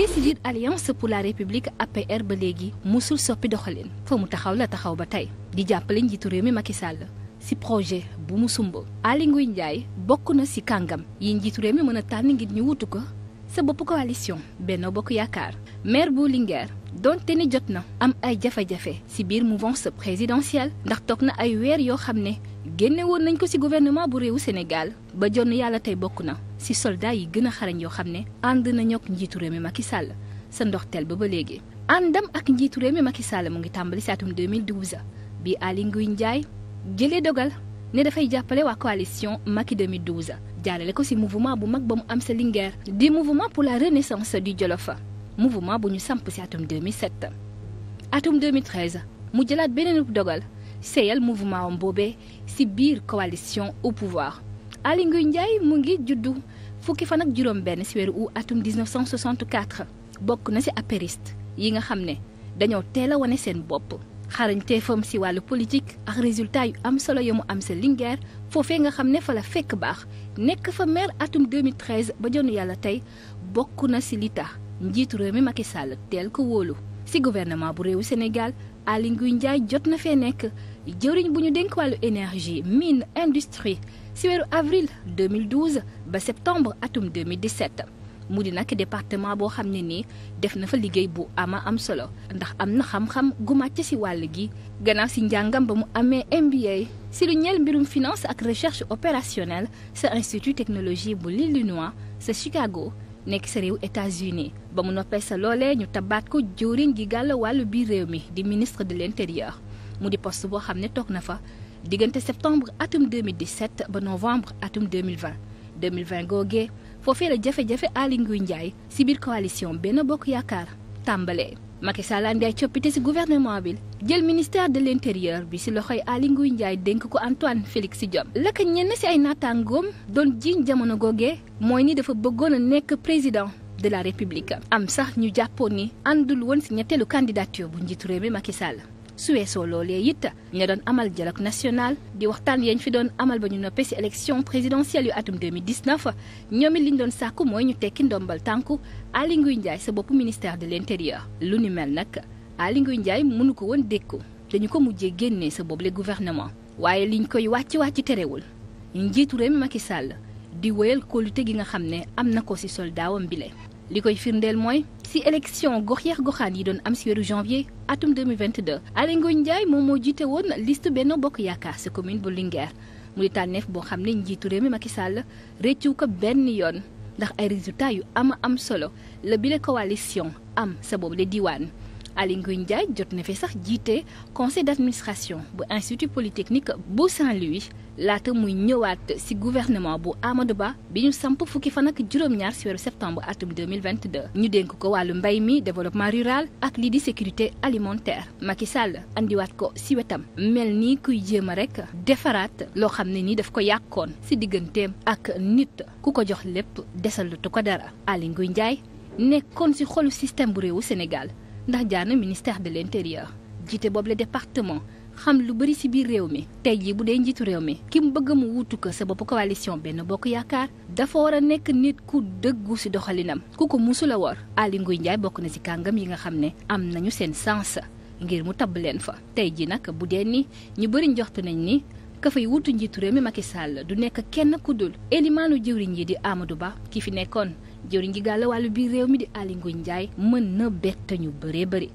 duggee si biir alliance pour la république APR ba léegi mosul soppi doxalin fa mu taxaw la taxaw ba tey di jàppale njiitu réew mi Macky Sall si projet bu mu sumb Aly Ngouille Ndiaye bokk na si kàngam yi njiitu réew mi mën a tànn ngir ñu wutu ko sa bopp coalition Benno Bokk Yaakaar maire bu Linguère donte ni jot na am ay jafe-jafe ci biir mouvance présidentielle ndax toog na ay weer yoo xam ne génne woon nañ ko ci gouvernement bu réewu Sénégal ba jonn yàlla tey bokk na ci soldat yi gën a xarañ yoo xam ne ànd na ñook njiitu réew mi Macky Sall ndox ndoxteel ba ba léegi. àndam ak njiitu réew mi Macky Sall mu ngi tàmbali ci atum 2012 bi Aly Ngouille Ndiaye jëlee dogal ne dafay jàppale waa coalition Macky 2012 jaarale ko ci mouvement bu mag ba mu am sa Linguère di mouvement pour la renaissance du Jolof mouvement bu ñu samp ci atum 2007. atum 2013 mu jëlaat beneen dogal seyal mouvement am boobee ci biir coalition au pouvoir Aly Ngouille Ndiaye mu ngi juddu fukki fan ak juróom benn ci weeru août atum 1964 bokk na ci apériste yi nga xam ne dañoo teel a wane seen bopp. xarañteefam ci wàllu politique ak résultat yu am solo yu mu am sa Linguère foofee nga xam ne fa la fekk baax nekk fa maire atum 2013 ba jonn yàlla tey bokk na ci li njiitu réew mi Macky Sall teel ko wóolu ci gouvernement bu réewu Sénégal Aly Ngouille Ndiaye jot na fee nekk jëwriñ bu ñu dénk wàllu énergie mine industrie ci weeru avril 2012 ba septembre atum 2017 mu di nag département boo xam ne nii def na fa liggéey bu ama am solo ndax am na xam-xam gu màcc ci wàll gi gannaaw ci njàngam ba mu amee MBA si lu ñeel mbirum finance ak recherche opérationnelle sa institut technologie bu l'Illinois sa Chicago nekk sa réew États-Unis ba mu noppee sa loolee ñu tabaat ko jëwriñ gi gàll wàll biir réew mi di ministre de l'intérieur mu di post boo xam ne toog na fa diggante septembre atum 2017 ba novembre atum 2020 2020 googee foofee la jafe-jafe Aly Ngouille Ndiaye ci biir coalition Benno Bokk Yaakaar tàmbalee Macky Sall andi ay coppite ci gouvernement bi jël ministère de l'intérieur bi ci loxo Aly Ngouille Ndiaye dénk ko Antoine Félix Diome la ko ñenn ci ay naataangoom doon jiiñ jamono googee mooy ni dafa bëggoon a nekk président de la république am sax ñu jàppoon ni àndul woon ci ñetteelu candidature bu njiitu réew mi su weesoo loolee it ña doon amal dialogue national di waxtaan yañ fi doon amal ba ñu noppee ci élection présidentielle yu atum 2019 ñoom it liñ doon sàkku mooy ñu tekki ndombal tànku Aly Ngouille Ndiaye sa bopp ministère de l'intérieur lu ni mel nag Aly Ngouille Ndiaye mënu ko woon dégg ko dañu ko mujjee génnee sa boobule gouvernement waaye li ñu koy wàcc wàcc terewul njiitu réew mi Macky Sall di wéyal kóolute gi nga xam ne am na ko ci soldaawam bile li koy firndeel mooy si élection gox yeex goxaan yi doon am si weeru janvier atum 2022 Aly Ngouille Ndiaye moom moo jiite woon list benn Bokk Yaakaar sa commune bu Linguère mu di tànneef boo xam ne njiitu réew mi ki Sall réccu ko benn yoon ndax ay résultats yu ama am solo la bile coalition am sa boobu le diwaan Aly Ngouille Ndiaye jot na fi sax jiite conseil d'administration bu institut polytechnique bu Saint-Louis laata muy ñëwaat ci gouvernement bu Amadou Ba bi ñu samp fukki fan ak juróom-ñaar ci weeru septembre atum 2022 ñu dénk ko wàllu mbay mi développement rural ak lii di sécurité alimentaire Macky Sall andiwaat ko ci wetam mel ni kuy jéem a rek defaraat loo xam ne ni daf ko yàqoon ci digganteem ak nit ku ko jox lépp desalatu ko dara Aly Ngouille Ndiaye nekkoon ci xolu système bu réewu Sénégal ndax jaana ministère de l'intérieur jiite boobu la département xam lu bëri ci biir réew mi tey jii bu dee njiitu réew mi ki mu bëgg mu wuutu ko sa bopp coalition benn bokk yaakaar dafa war a nekk nit ku dëggu ci doxalinam ku ko musula war Aly Ngouille Ndiaye bokk na ci kàngam yi nga xam ne am nañu seen sens ngir mu tabb leen fa tey jii nag bu dee nii ñu bëri njort nañ nii ka yi wutu njiitu réew mi Macky Sall du nekk kenn ku dul élimaanu jëwriñ yi di Amadou Ba ki fi nekkoon jëwriñ gi gàll wàllu biir réew mi di Aly Ngouille Ndiaye mën na bett ñu bëree bëri.